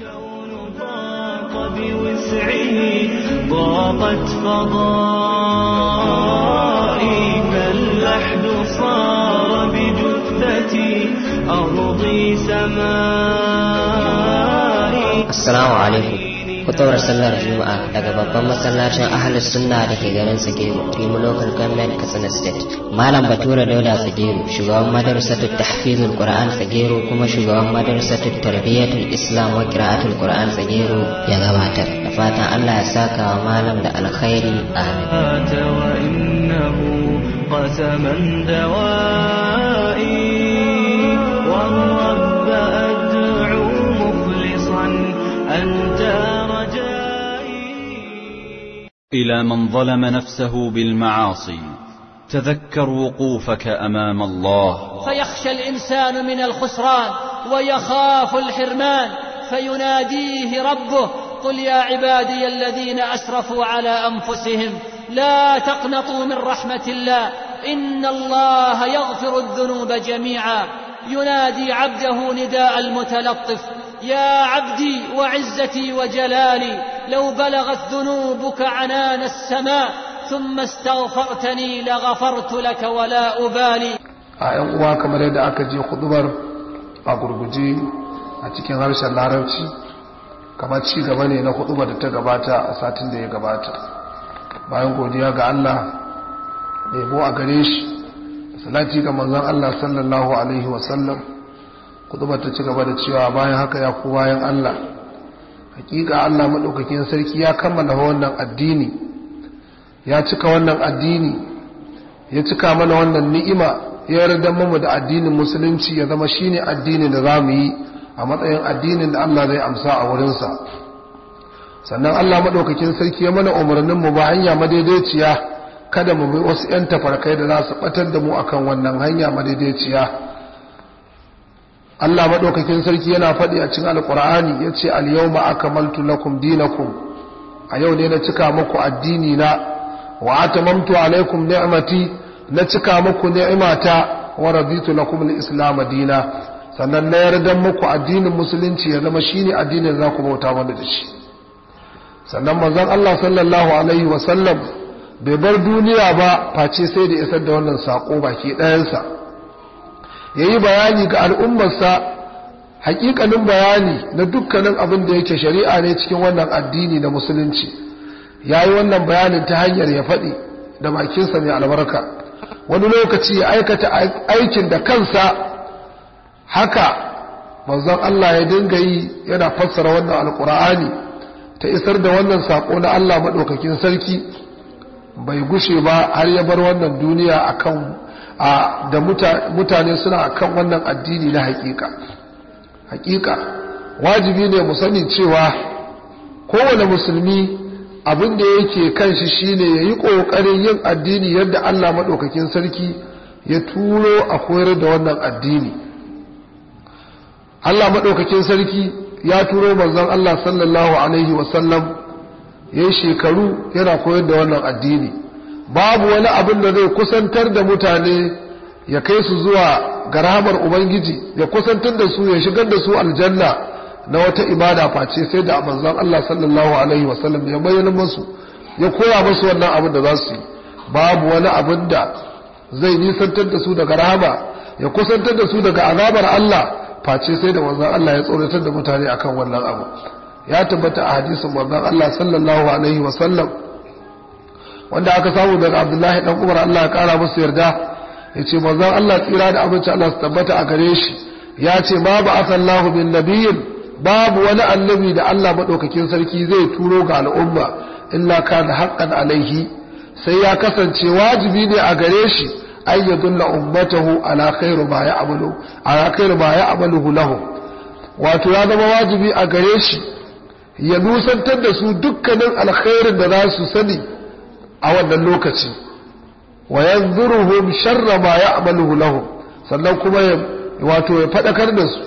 الكون ضاق بوسعه ضاقت فضائي فاللحد صار بجثتي أرضي سمائي السلام عليكم hutubar sallar juma'a daga babban masallacin ahalus sunna da ke garin tsageru timu local government katsina state malam batura dauda tsageru shugaban madarasatu tahfizul qur'an tsageru kuma shugaban ta tarbiyyatul islam wa qira'atul qur'an tsageru ya gabatar da fatan allah ya saka wa malam da alkhairi amin قسما ذوات إلى من ظلم نفسه بالمعاصي تذكر وقوفك أمام الله فيخشى الإنسان من الخسران ويخاف الحرمان فيناديه ربه قل يا عبادي الذين أسرفوا على أنفسهم لا تقنطوا من رحمة الله إن الله يغفر الذنوب جميعا ينادي عبده نداء المتلطف يا عبدي وعزتي وجلالي لو بلغت ذنوبك عنان السماء ثم استغفرتني لغفرت لك ولا أبالي أعلم أوا كما لدى أكجي خطبر أقربجي أتكين غرش اللاربشي كما تشي غباني نخطبر تتغباتا أساتين دي غباتا bayan godiya ga Allah da yabo a gare shi salati ga manzon Allah sallallahu alaihi wasallam kutuba ta ci gaba da cewa bayan haka ya ku bayan Allah hakika Allah madaukakin sarki ya kammala wannan addini ya cika wannan addini ya cika mana wannan ni'ima ya yarda mu da addinin musulunci ya zama shine addinin da zamu yi a matsayin addinin da Allah zai amsa a wurin sa sannan Allah madaukakin sarki ya mana umarnin mu ba hanya madaidaiciya kada mu bi wasu 'yan tafarkai da za su batar da mu akan wannan hanya madaidaiciya Allah maɗaukakin sarki yana faɗi a cikin alqur'ani yace al-yawma akmaltu lakum dinakum a yau ne na cika muku addini na wa atamamtu alaikum ni'mati na cika muku ni'imata wa raditu lakum al-islam dina sannan na yarda muku addinin musulunci ya zama shine addinin za ku bauta mana da shi sannan manzon Allah sallallahu alaihi wa bai bar duniya ba face sai da isar da wannan sako baki ɗayansa ya yi bayani ga al'ummarsa haƙiƙanin bayani na dukkanin abin da yake shari'a ne cikin wannan addini na musulunci ya yi wannan bayanin ta hanyar ya faɗi da makinsa mai albarka wani lokaci ya aikata aikin da kansa haka manzon Allah ya dinga yi yana fassara wannan alƙur'ani ta isar da wannan saƙo na Allah maɗaukakin sarki bai gushe ba har ya bar wannan duniya akan a da mutane suna a kan wannan addini na hakika hakika wajibi ne mu sani cewa kowane musulmi abin da yake kan shi shine ya yi ƙoƙarin yin addini yadda allah maɗaukakin sarki ya turo a koyar da wannan addini allah maɗaukakin sarki ya turo manzon allah sallallahu alaihi wasallam ya shekaru yana koyar da wannan addini babu wani abin da zai kusantar da mutane ya kai su zuwa garamar ubangiji ya kusantar da su ya shigar da su aljanna na wata ibada face sai da manzon Allah sallallahu alaihi wasallam ya bayyana musu ya koya musu wannan abin da za su yi babu wani abin da zai nisantar da su daga rahama ya kusantar da su daga azabar Allah face sai da manzon Allah ya tsoratar da mutane akan wannan abu ya tabbata a hadisin manzon Allah sallallahu alaihi wasallam wanda aka samu daga abdullahi dan umar Allah ya kara musu yarda Ya yace manzan Allah tsira da abinci Allah su tabbata a gare shi ya ce babu ba'athallahu bin nabiyin babu wani annabi da Allah maɗaukakin sarki zai turo ga al'umma illa kana haƙƙan alaihi sai ya kasance wajibi ne a gare shi an yadulla ummatahu ala khairu ma ya'malu ala wato ya zama wajibi a gare shi ya nusantar da su dukkanin alkhairin da za su sani a wannan lokaci wa yanzuruhum sharra ma ya'malu lahum sannan kuma ya wato ya fadakar da su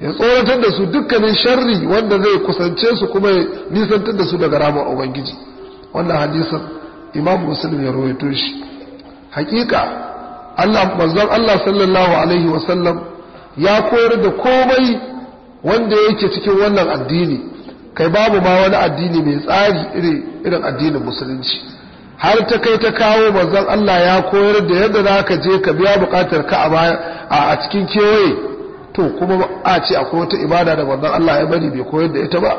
ya tsoratar da su dukkanin sharri wanda zai kusance su kuma ya nisantar da su daga ramar ubangiji wannan hadisin imam muslim ya rawaito shi hakika Allah manzon Allah sallallahu alaihi wa sallam ya koyar da komai wanda yake cikin wannan addini kai babu ma wani addini mai tsari irin addinin musulunci har ta kai ta kawo manzon Allah ya koyar da yadda za ka je ka biya bukatar ka a cikin kewaye to kuma a ce akwai wata ibada da manzon Allah ya bari bai koyar da ita ba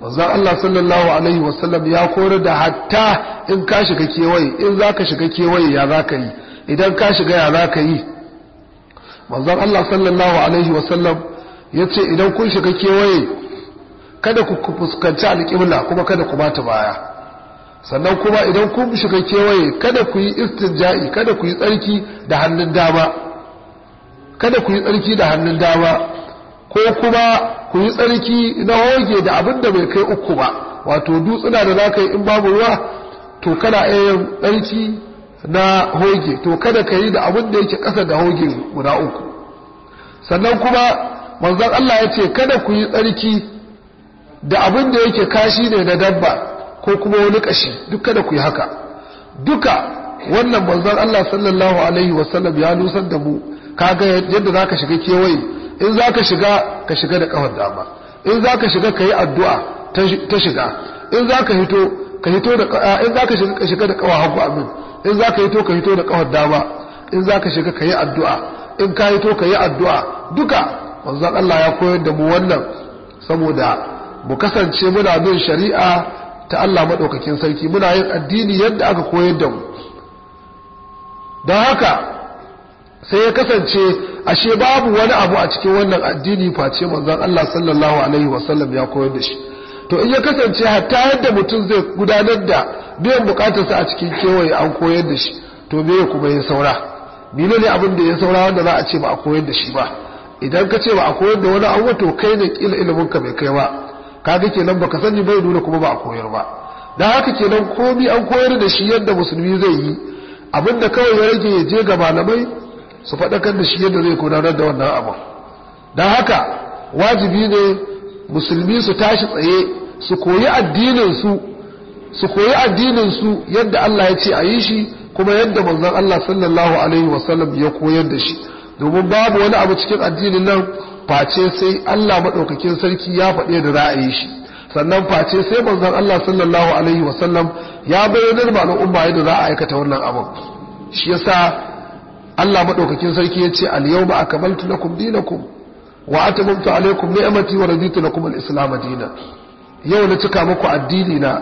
manzon Allah sallallahu alaihi wasallam ya koyar da hatta in ka shiga kewaye in za ka shiga kewaye ya za ka yi idan ka shiga ya za ka yi manzon Allah sallallahu alaihi wasallam ya ce idan kun shiga kewaye kada ku fuskanci alƙibla kuma kada ku bata baya sannan kuma idan kun shiga kewaye kada ku yi istinja'i kada ku yi tsarki da hannun dama kada ku yi tsarki da hannun dama ko kuma ku yi tsarki na hoge da abin da bai kai uku ba wato dutsuna da zaka yi in babu ruwa to kana iya tsarki na hoge to kada ka yi da abin da yake ƙasa da hoge guda uku sannan kuma manzon Allah ya ce kada ku yi tsarki da abin da yake kashi ne na dabba ko kuma wani kashi duk da ku yi haka duka wannan manzon Allah sallallahu alaihi wasallam ya nusar da mu kaga yadda zaka shiga kewaye in zaka shiga ka shiga da kafar dama in zaka shiga ka yi addu'a ta shiga in zaka hito ka hito da in zaka shiga ka shiga da kafar hagu amin in zaka hito ka hito da kafar dama in zaka shiga ka yi addu'a in ka hito ka yi addu'a duka manzon Allah ya koyar da mu wannan saboda mu kasance muna bin shari'a ta Allah maɗaukakin sarki muna yin addini yadda aka koyar da mu don haka sai ya kasance ashe babu wani abu a cikin wannan addini face manzan Allah sallallahu alaihi wasallam ya koyar da shi to in ya kasance hatta yadda mutum zai gudanar da biyan bukatarsa a cikin kewaye an koyar da shi to me kuma ya saura mene ne abin da ya saura wanda za a ce ba a koyar da shi ba idan ka ce ba a koyar da wani abu to kai ne kila ilimin ka bai kai ba kaga kenan baka sani bai nuna kuma ba a koyar ba dan haka kenan komi an koyar da shi yadda musulmi zai yi abinda kawai ya rage ya je ga malamai su faɗakar da shi yadda zai gudanar da wannan abu dan haka wajibi ne musulmi su tashi tsaye su koyi addinin su su koyi addinin su yadda Allah ya ce a yi shi kuma yadda manzon Allah sallallahu alaihi wasallam ya koyar da shi domin babu wani abu cikin addinin nan face sai Allah maɗaukakin sarki ya faɗe da ra'ayi shi sannan face sai manzan Allah sallallahu alaihi wasallam ya bayyana ba al'umma yadda za a aikata wannan abin shi yasa Allah maɗaukakin sarki ya ce a kamaltu na akmaltu lakum kum wa alaikum alaykum ni'mati wa raditu na kuma islam dinan yau na cika muku addini na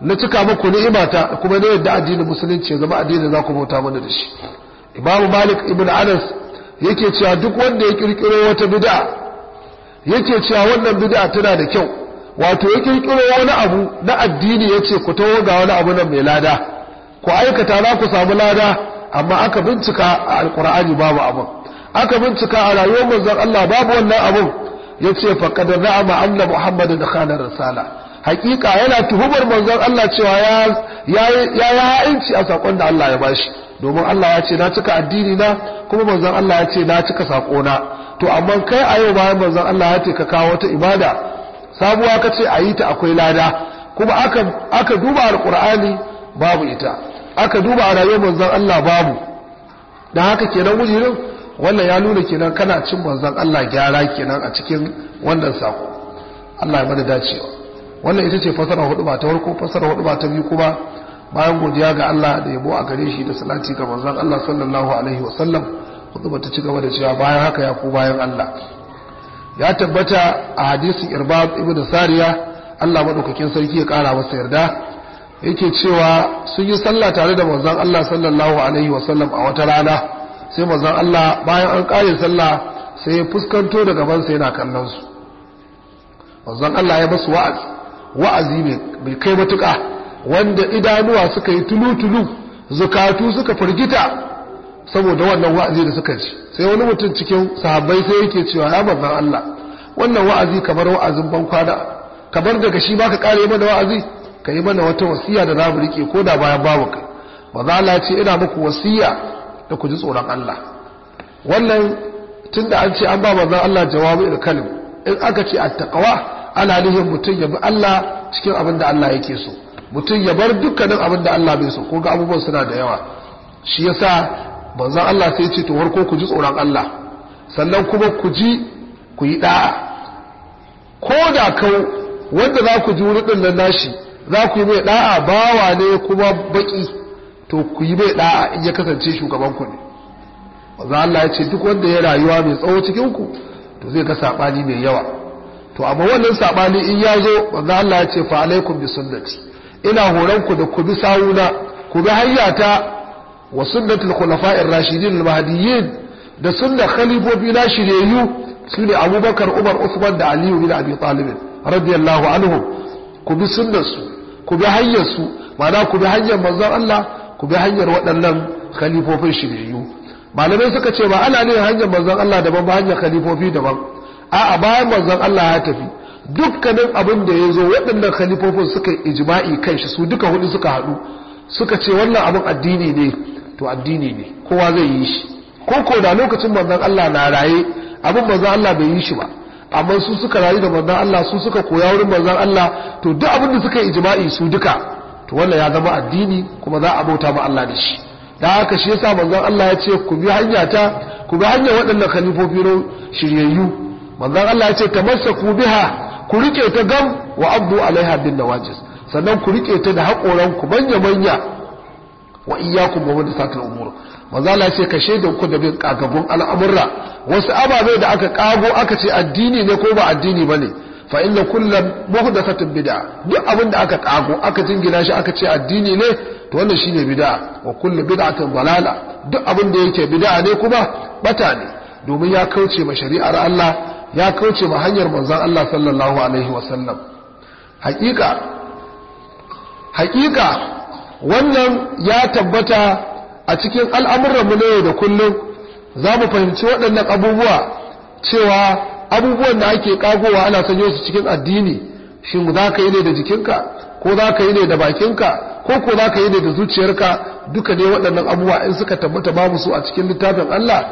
na cika muku ni'imata kuma ne yadda addinin musulunci ya zama addini za ku bauta mana da shi Imam Malik ibn Anas yake cewa duk wanda ya kirkiro wata bid'a yake cewa wannan bid'a tana da kyau wato ya kirkiro wani abu na addini yace ku taho ga wani abu nan mai lada ku aikata za ku samu lada amma aka bincika a alkur'ani babu abu aka bincika a rayuwar manzon Allah babu wannan abun yace faqad na'ama Muhammadu da khanar risala hakika yana tuhumar manzon Allah cewa ya ya ha'inci a sakon da Allah ya bashi domin Allah ya ce na cika addini na kuma manzon Allah ya ce na cika sako na to amma kai a yau bayan manzon Allah ya ce ka kawo wata ibada sabuwa ka ce a yi ta akwai lada kuma aka aka duba alqur'ani babu ita aka duba a rayuwar manzon Allah babu dan haka kenan wujirin wannan ya nuna kenan kana cin manzon Allah gyara kenan a cikin wannan sako Allah ya bada dacewa wannan ita ce fasara hudu ba ta warko, fasara hudu ba ta biyu kuma bayan godiya ga Allah da yabo a gare shi da salati ga manzon Allah sallallahu alaihi sallam hudu ba ta ci gaba da cewa bayan haka ya ku bayan Allah ya tabbata a hadisin irbab ibnu sariya Allah madaukakin sarki ya kara masa yarda yake cewa sun yi sallah tare da manzon Allah sallallahu alaihi sallam a wata rana sai manzon Allah bayan an kare sallah sai ya fuskanto da gaban sa yana kallon su manzon Allah ya basu wa'azi wa'azi bai kai matuƙa wanda idanuwa suka yi tulutulu tulu zukatu suka firgita saboda wannan wa'azi da suka ci sai wani mutum cikin sahabbai sai yake cewa ya babban Allah wannan wa'azi kamar wa'azin bankwada kamar daga shi baka kare mana wa'azi ka yi mana wata wasiya da zamu rike ko da bayan babu ka za Allah ce ina muku wasiya da ku ji tsoron Allah wannan tunda an ce an ba manzan Allah jawabi da kalim in aka ce at-taqwa ala mutum ya bi Allah cikin abin da Allah yake so mutum ya bar dukkanin abin da Allah bai so ko ga abubuwan suna da yawa shi yasa banzan Allah sai ce to warko ku ji tsoron Allah sannan kuma ku ji ku yi da'a ko da kau wanda za ku ji wurin nan nashi za ku yi mai da'a bawa ne kuma baki to ku yi mai da'a in ya kasance shugaban ku ne banzan Allah ya ce duk wanda ya rayuwa mai tsawo cikin ku to zai ga sabani mai yawa to amma wannan sabani in ya zo manzo Allah ya ce fa alaikum bi sunnati ina horon ku da ku bi sawuna ku bi hayyata wa sunnatul khulafa'ir rashidin al mahdiyyin da sunnar khalifofi na shiryayyu sune Abubakar Umar usman da Ali ibn Abi Talib radiyallahu anhum ku bi sunnar su ku bi hanyar su ma'ana ku bi hanyar manzon Allah ku bi hanyar waɗannan khalifofin shiryayyu malamai suka ce ba ana ne hanyar manzon Allah daban ba hanyar khalifofi daban a bayan manzan Allah ya tafi dukkanin abin da ya zo waɗannan khalifofin suka yi ijima'i kan shi su duka hudu suka haɗu suka ce wannan abin addini ne to addini ne kowa zai yi shi ko ko da lokacin manzon Allah na raye abin manzon Allah bai yi shi ba amma su suka rayu da manzon Allah su suka koya wurin manzon Allah to duk abin da suka yi ijima'i su duka to wannan ya zama addini kuma za a bauta ma Allah da shi da haka shi yasa manzan Allah ya ce ku bi hanya ta ku bi hanyar waɗannan khalifofi shiryayyu manzan Allah ya ce ku biha ku rike ta gam wa abdu alaiha bin nawajis sannan ku rike ta da haƙoran ku manya manya wa iyyakum wa mudasatil umur manzon Allah ya ce ka shaidan ku da bin kagagun al'amurra wasu ababe da aka kago aka ce addini ne ko ba addini bane fa inna kullu muhdathatin bid'a duk abin da aka kago aka jingina shi aka ce addini ne to wannan shine bid'a wa kullu bid'atin dalala duk abin da yake bid'a ne kuma bata ne domin ya kauce ma shari'ar Allah ya kauce wa hanyar manzan Allah sallallahu alaihi wasallam hakika hakika wannan ya tabbata a cikin al'amuranmu ne da kullum za mu fahimci waɗannan abubuwa cewa abubuwan da ake ƙagowa ana sanyo su cikin addini shin za ka yi ne da jikinka ko za ka yi ne da bakinka ko ko za ka yi ne da zuciyarka duka ne waɗannan abubuwa in suka tabbata babu su a cikin littafin Allah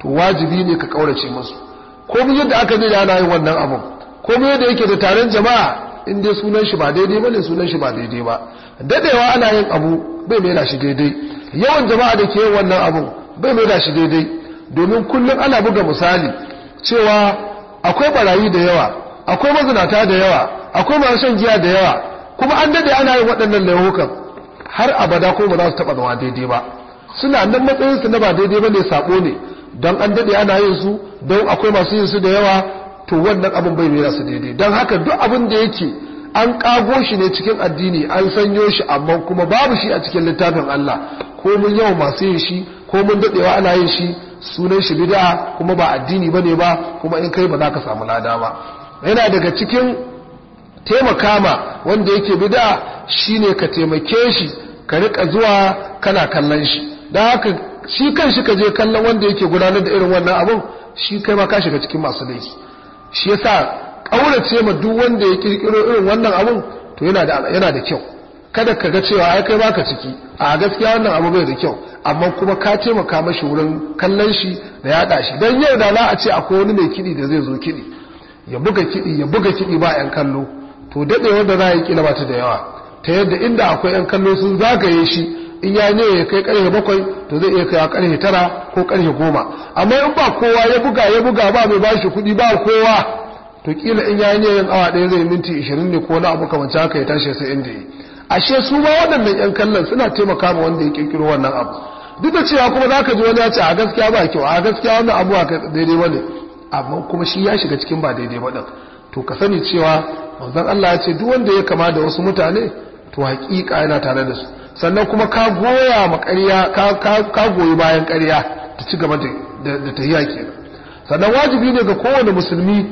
to wajibi ne ka ƙaurace musu ko mu yadda aka zai yana yin wannan abun ko mu yadda yake da taron jama'a in dai sunan shi ba daidai ne sunan shi ba daidai ba dadewa ana yin abu bai mai shi daidai yawan jama'a da ke yin wannan abun bai mai da shi daidai domin kullum ana buga misali cewa akwai barayi da yawa akwai mazinata da yawa akwai masu shan giya da yawa kuma an dade ana yin waɗannan laihukan har abada ko ba za su taɓa zama daidai ba suna nan matsayinsu na ba daidai ba ne saɓo ne don an daɗe ana yin su don akwai masu yin su da yawa to wannan abin bai mera su daidai don haka duk abin da yake an kago shi ne cikin addini an sanyo shi amma kuma babu shi a cikin littafin Allah ko mun yau masu yin shi ko mun daɗewa ana yin shi sunan shi bid'a kuma ba addini bane ba kuma in kai ba za ka samu lada ba yana daga cikin taimaka ma wanda yake bid'a ne ka taimake shi ka rika zuwa kana kallon shi don haka shi kan shi ka je kallon wanda yake gudanar da irin wannan abun shi kai ma ka shiga cikin masu laifi shi yasa kaurace ma duk wanda ya kirkiro irin wannan abun to yana da yana da kyau kada ka ga cewa ai kai ma ka ciki a gaskiya wannan abu bai da kyau amma kuma ka taimaka mashi wurin kallon shi da yaɗa shi dan yau da za a ce akwai wani mai kidi da zai zo kidi ya buga kidi ya buga kidi ba yan kallo to dade wanda za a yi kila ba ta da yawa ta yadda inda akwai yan kallo sun zagaye shi in ya ne ya kai karfe bakwai to zai iya kai a karfe tara ko karfe goma amma in ba kowa ya buga ya buga ba mai bashi kuɗi ba kowa to kila in ya ne yin awa ɗaya zai minti ishirin ne ko na abu kamar haka ya tashi sai inda yi ashe su ma waɗannan yan kallon suna taimaka ma wanda ya kirkiro wannan abu duk da cewa kuma za ka ji wani ya ce a gaskiya ba kyau a gaskiya wannan abu a daidai ba ne amma kuma shi ya shiga cikin ba daidai ba ɗin to ka sani cewa manzon Allah ya ce duk wanda ya kama da wasu mutane to haƙiƙa yana tare da su sannan kuma ka goya ma ƙarya ka goyi bayan ƙarya ta ci gaba da tahiya sannan wajibi ne ga kowane musulmi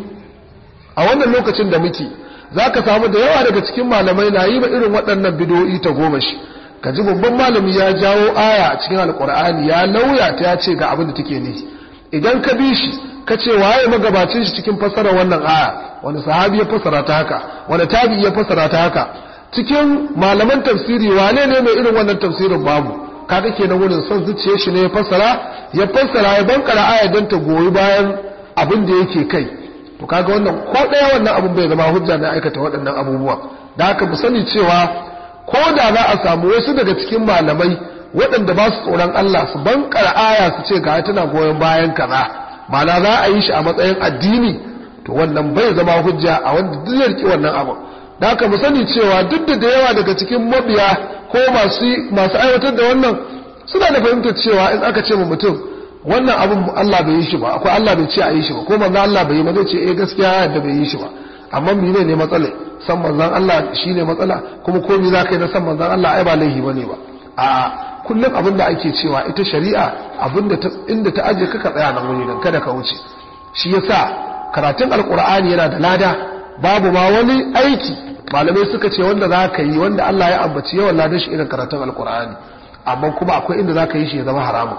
a wannan lokacin da muke za ka samu da yawa daga cikin malamai na yi ba irin waɗannan bidoyi ta goma shi ka ji babban malami ya jawo aya a cikin alkur'ani ya lauya ta ya ce ga abin da take ne idan ka bi shi ka ce waye magabacin shi cikin fassara wannan aya wani sahabi ya fasara ta haka wani tabi ya fasara ta haka cikin malaman tafsiri wane ne mai irin wannan tafsirin babu kaga nan wurin son zuciyar shi ne ya fassara ya fassara ya bankara aya don ta goyi bayan abin da yake kai to kaga wannan ko daya wannan abun bai zama hujja na aikata waɗannan abubuwa da haka mu sani cewa ko da za a samu wasu daga cikin malamai waɗanda ba su tsoron Allah su bankara aya su ce ga tana goyon bayan kaza mala za a yi shi a matsayin addini to wannan bai zama hujja a wanda duk yarki wannan abin da haka musani sani cewa duk da da yawa daga cikin mabiya ko masu aiwatar da wannan suna da fahimtar cewa in aka ce ma mutum wannan abin Allah bai yi shi ba akwai Allah bai ce a yi shi ba ko manzon Allah bai yi ba ce eh gaskiya yadda bai yi shi ba amma mu ne ne matsala san manzan Allah shi ne matsala kuma komai za ka yi na san manzan Allah ai ba laihi ne ba a kullum abin da ake cewa ita shari'a abin da inda ta aje kaka tsaya nan wuri dan kada ka wuce shi yasa karatun alkur'ani yana da lada babu ma wani aiki malamai suka ce wanda za ka yi wanda Allah ya ambaci yawan ladin shi irin karatun alkur'ani amma kuma akwai inda za ka yi shi ya zama haramun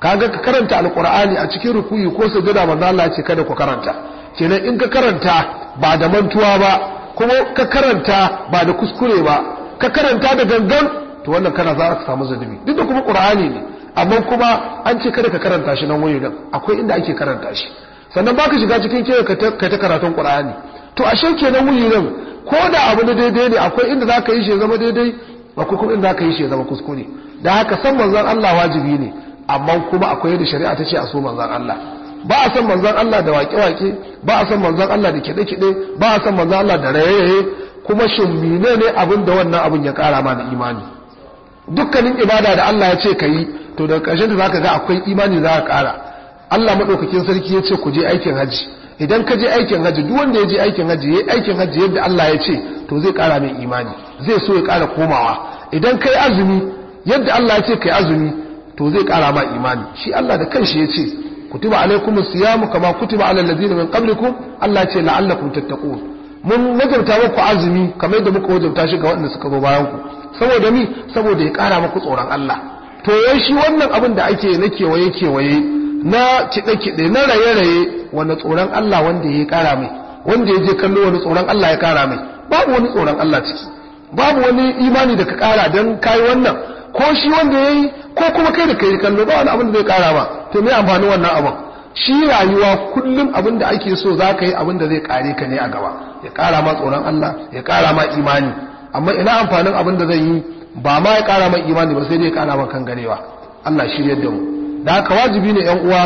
Ka kaga ka karanta alkur'ani a cikin rukuyi ko sujada manzo Allah ya ce kada ku karanta kenan in ka karanta ba da mantuwa ba kuma ka karanta ba da kuskure ba ka karanta da gangan to wannan kana za ka samu zanubi duk da kuma qur'ani ne amma kuma an ce kada ka karanta shi nan wani akwai inda ake karanta shi sannan baka shiga cikin kewa ka ta karatun qur'ani to ashe kenan nan, ko da abu na daidai ne akwai inda za ka yi shi zama daidai ba kuku inda za ka yi shi zama kuskure da haka san manzan Allah wajibi ne amma kuma akwai yadda shari'a ta ce a so manzan Allah ba a san manzan Allah da waƙe-waƙe ba a san manzan Allah da kiɗe-kiɗe ba a san manzan Allah da raye kuma shimmine ne abin da wannan abin ya ƙara ma da imani dukkanin ibada da Allah ya ce ka yi to daga ƙarshen da za ka ga akwai imani za ka ƙara Allah maɗaukakin sarki ya ce ku je aikin hajji idan ka je aikin hajji duk wanda ya je aikin hajji ya aikin hajji yadda Allah ya ce to zai kara mai imani zai so ya kara komawa idan ka yi azumi yadda Allah ya ce ka yi azumi to zai kara ma imani shi Allah da kanshi ya ce kutuba siya siyamu kama kutuba alal ladina min qablikum Allah ya ce la'allakum tattaqun mun wajabta muku azumi kamar da muka wajabta shi ga waɗanda suka zo bayan ku saboda mi saboda ya ƙara muku tsoron Allah to yayin shi wannan abin da ake na kewaye kewaye na kiɗe-kiɗe na raye-raye wani tsoron Allah wanda ya kara mai wanda ya je kallo wani tsoron Allah ya kara mai babu wani tsoron Allah ciki babu wani imani da ka kara don kayi wannan ko shi wanda ya yi ko kuma kai da kai kallo ba wani abin da zai kara ba to me amfani wannan abin shi rayuwa kullum abin da ake so za ka yi abin da zai kare ka ne a gaba ya kara ma tsoron Allah ya kara ma imani amma ina amfanin abin da zai yi ba ma ya kara ma imani ba sai dai ya kara ma kan ganewa Allah shirya da mu da haka wajibi ne yan uwa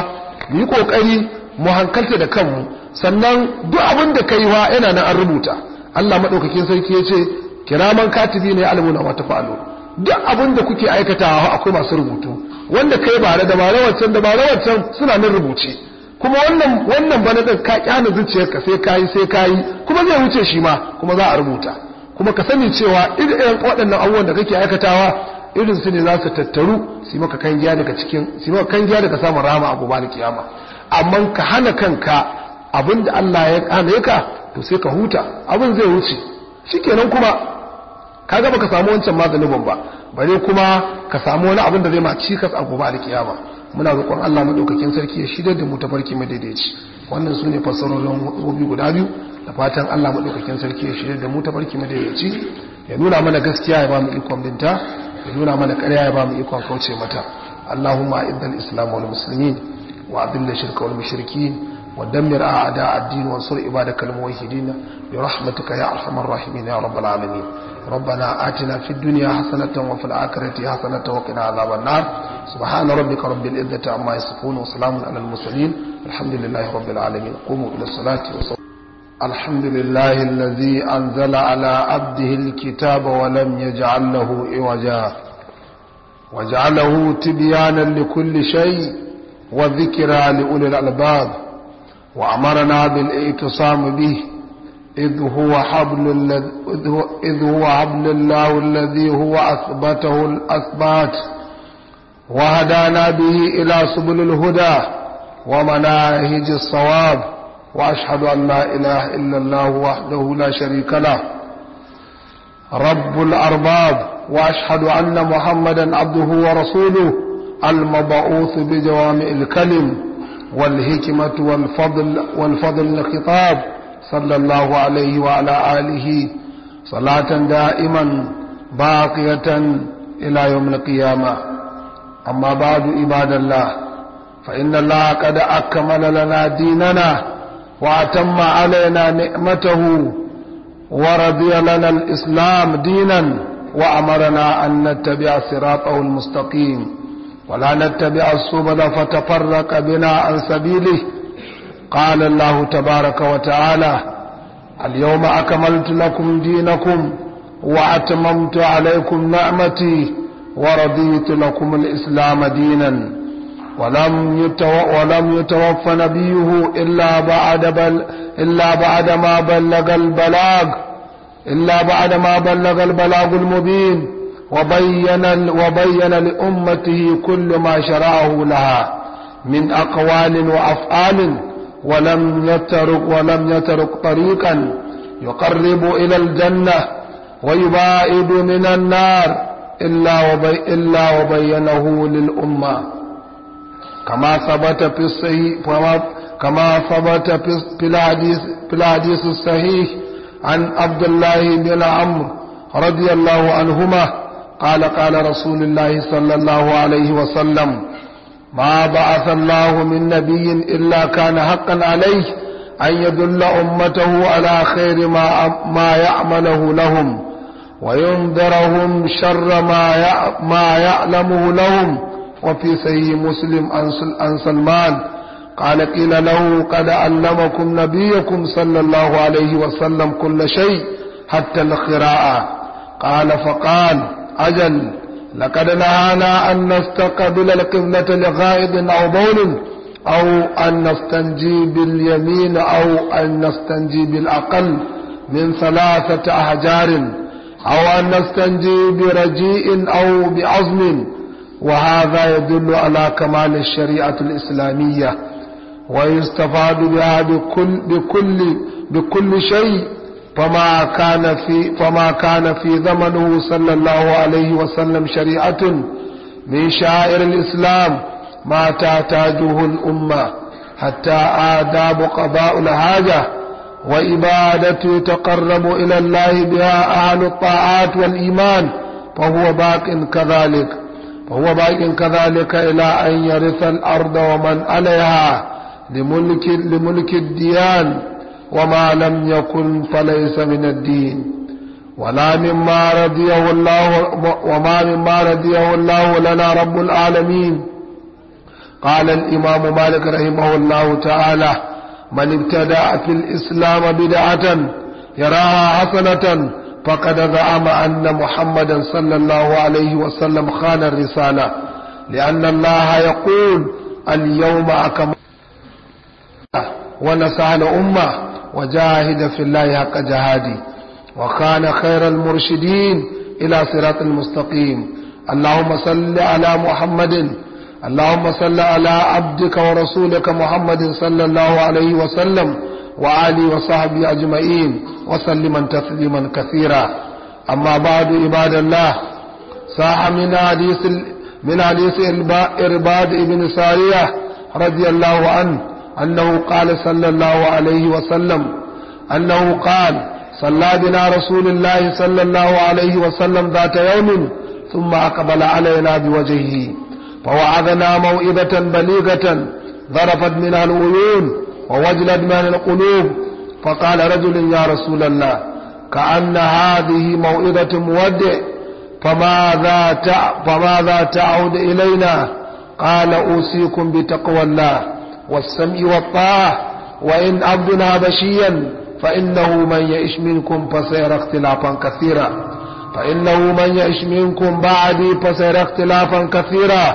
mu yi kokari mu hankalta da kanmu sannan duk abin da kai wa yana nan an rubuta Allah madaukakin sarki ya ce kiraman katibi ne almuna wa tafalu duk abin da kuke aikatawa akwai masu rubutu wanda kai ba da bare wancan da bare wancan suna nan rubuce kuma wannan wannan bana da ka kyana zuciyarka sai kai sai kai kuma zai wuce shi ma kuma za a rubuta kuma ka sani cewa irin waɗannan abubuwan da kake aikatawa irin su ne za su tattaru su maka kangiya daga cikin su maka daga samun rama a gobe kiyama amma ka hana kanka da Allah ya hana ka to sai ka huta abin zai wuce shikenan kuma ka gaba ka samu wancan mazalumin ba bare kuma ka samu wani abin da zai ma cikas a gobe kiyama muna roƙon Allah madaukakin sarki ya shidar da mu tafarki daidaici wannan sune fassarorin gobe guda biyu da fatan Allah madaukakin sarki ya shidar da mu tafarki daidaici ya nuna mana gaskiya ya ba mu ikon binta nuna mana ƙarya ya ba mu ikon kauce mata allahumma inda islam wal musulmi wa abin da shirka shirki wa dammir a ada addini wa sur ibada kalmomin hidina bi rahmatuka ya alhamar rahimin ya rabbal alamin rabbana atina fid dunya hasanatan wa fil akhirati hasanatan wa qina azaban nar subhana rabbika rabbil izzati amma yasifun wa salamun alal musallin alhamdulillahi rabbil alamin qumu ila salati wa الحمد لله الذي أنزل على عبده الكتاب ولم يجعل له إوجا وجعله تبيانا لكل شيء وذكرا لأولي الألباب وأمرنا بالاعتصام به إذ هو حبل إذ هو حبل الله الذي هو أثبته الأثبات وهدانا به إلى سبل الهدى ومناهج الصواب وأشهد أن لا إله إلا الله وحده لا شريك له رب الأرباب وأشهد أن محمدا عبده ورسوله المبعوث بجوامع الكلم والحكمة والفضل والفضل الخطاب صلى الله عليه وعلى آله صلاة دائما باقية إلى يوم القيامة أما بعد عباد الله فإن الله قد أكمل لنا ديننا وأتم علينا نعمته ورضي لنا الإسلام دينا وأمرنا أن نتبع صراطه المستقيم ولا نتبع السبل فتفرق بنا عن سبيله قال الله تبارك وتعالى اليوم أكملت لكم دينكم وأتممت عليكم نعمتي ورضيت لكم الإسلام ديناً ولم يتو ولم يتوفى نبيه إلا بعد بل إلا بعد ما بلغ البلاغ إلا بعد ما بلغ البلاغ المبين وبين وبين لأمته كل ما شرعه لها من أقوال وأفعال ولم يترك ولم يترك طريقا يقرب إلى الجنة ويباعد من النار إلا وبي إلا وبينه للأمة كما ثبت في الصحيح كما ثبت في الحديث الصحيح عن عبد الله بن عمرو رضي الله عنهما قال قال رسول الله صلى الله عليه وسلم ما بعث الله من نبي إلا كان حقا عليه أن يدل أمته على خير ما, ما يعمله لهم وينذرهم شر ما, ما يعلمه لهم وفي صحيح مسلم عن سلمان قال قيل له قد علمكم نبيكم صلى الله عليه وسلم كل شيء حتى القراءة قال فقال أجل لقد نهانا أن نستقبل القبلة لغائض أو بول أو أن نستنجي باليمين أو أن نستنجي بالأقل من ثلاثة أحجار أو أن نستنجي برجيء أو بعظم وهذا يدل على كمال الشريعة الإسلامية ويستفاد بها بكل, بكل, بكل شيء فما كان في فما كان في زمنه صلى الله عليه وسلم شريعة من شعائر الإسلام ما تعتاده الأمة حتى آداب قضاء الحاجة وإبادة تقرب إلى الله بها أهل الطاعات والإيمان فهو باق كذلك وهو باق كذلك إلى أن يرث الأرض ومن عليها لملك, لملك الديان وما لم يكن فليس من الدين ولا مما رضيه الله وما مما رضيه الله لنا رب العالمين قال الإمام مالك رحمه الله تعالى من ابتدع في الإسلام بدعة يراها حسنة فقد زعم أن محمدا صلى الله عليه وسلم خان الرسالة لأن الله يقول اليوم أكمل ونسى على أمة وجاهد في الله حق جهادي وكان خير المرشدين إلى صراط المستقيم اللهم صل على محمد اللهم صل على عبدك ورسولك محمد صلى الله عليه وسلم وآله وصحبه أجمعين وسلم تسليما كثيرا أما بعد عباد الله ساح من حديث من حديث إرباد بن سارية رضي الله عنه أنه قال صلى الله عليه وسلم أنه قال صلى بنا رسول الله صلى الله عليه وسلم ذات يوم ثم أقبل علينا بوجهه فوعظنا موئبة بليغة ضربت من العيون ووجلت من القلوب فقال رجل يا رسول الله كأن هذه موئدة مودع فماذا فماذا تعود إلينا قال أوصيكم بتقوى الله والسمع والطاعة وإن عبدنا بشيا فإنه من يعش منكم فسيرى اختلافا كثيرا فإنه من يعش منكم بعدي فسيرى اختلافا كثيرا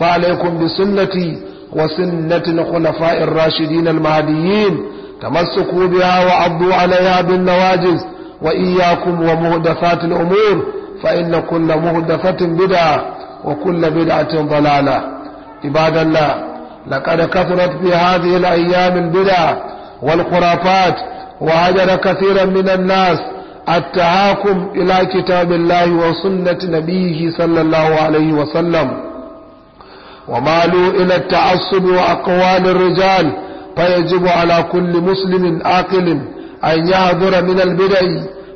فعليكم بسنتي وسنة الخلفاء الراشدين المهديين تمسكوا بها وعضوا عليها بالنواجز وإياكم ومهدفات الأمور فإن كل مهدفة بدعة وكل بدعة ضلالة عباد الله لقد كثرت في هذه الأيام البدع والخرافات وهجر كثيرا من الناس التهاكم إلى كتاب الله وسنة نبيه صلى الله عليه وسلم ومالوا إلى التعصب وأقوال الرجال فيجب على كل مسلم عاقل أن يعذر من البدع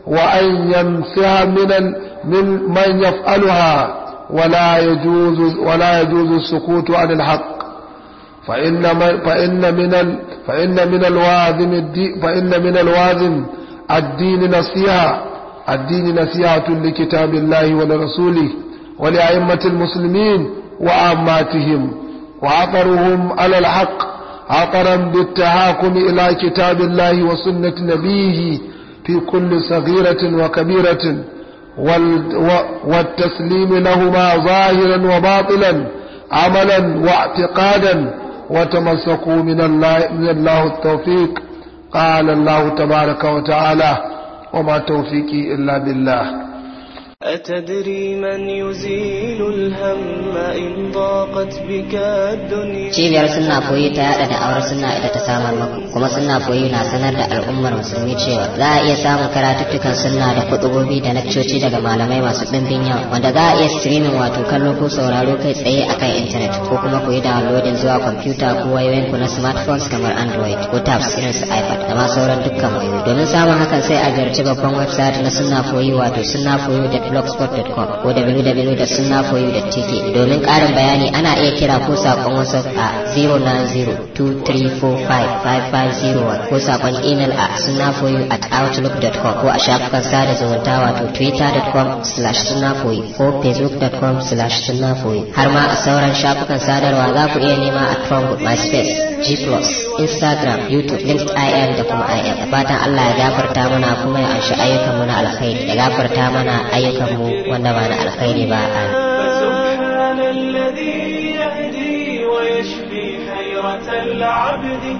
وأن يمسها من من من يفعلها ولا يجوز ولا يجوز السكوت عن الحق فإن فإن من فإن من الواذم فإن من الواذم الدين نصيحة الدين نصيحة لكتاب الله ولرسوله ولأئمة المسلمين وعاماتهم وعطرهم على الحق عطرا بالتهاكم إلى كتاب الله وسنة نبيه في كل صغيرة وكبيرة والتسليم لهما ظاهرا وباطلا عملا واعتقادا وتمسكوا من الله, من الله التوفيق قال الله تبارك وتعالى وما توفيقي إلا بالله أتدري من cibiyar suna koyi ta yada da auren suna ita ta samar maku kuma suna koyi na sanar da al'ummar musulmi cewa za a iya samun karatuttukan sunna da kudubobi da lakcoci daga malamai masu ɗimbin yawa wanda za a iya streaming wato kallo ko sauraro kai tsaye akan intanet ko kuma koyi downloading zuwa kwamfuta ko wayoyin ku na smartphones kamar android ko tabs irin su ipad da ma sauran dukkan wayoyi domin samun hakan sai a ziyarci babban website na suna koyi wato suna koyi blogspot.com ko wwwsunna da ciki domin ƙarin bayani ana iya kira ko saƙon wasu a 09023455501 ko sakon email a sunafoyi at outlook.com ko a shafukan sada zumunta wato twitter.com slash sunafoyi ko facebook.com slash sunafoyi har ma a sauran shafukan sadarwa za ku iya nema a Trump MySpace, G+, Instagram, YouTube, LinkedIn da kuma IM. Fatan Allah ya gafarta mana kuma ya anshi ayyukanmu na alkhairi ya gafarta mana ayyukanmu wanda ba na alkhairi ba a. سيرة العبد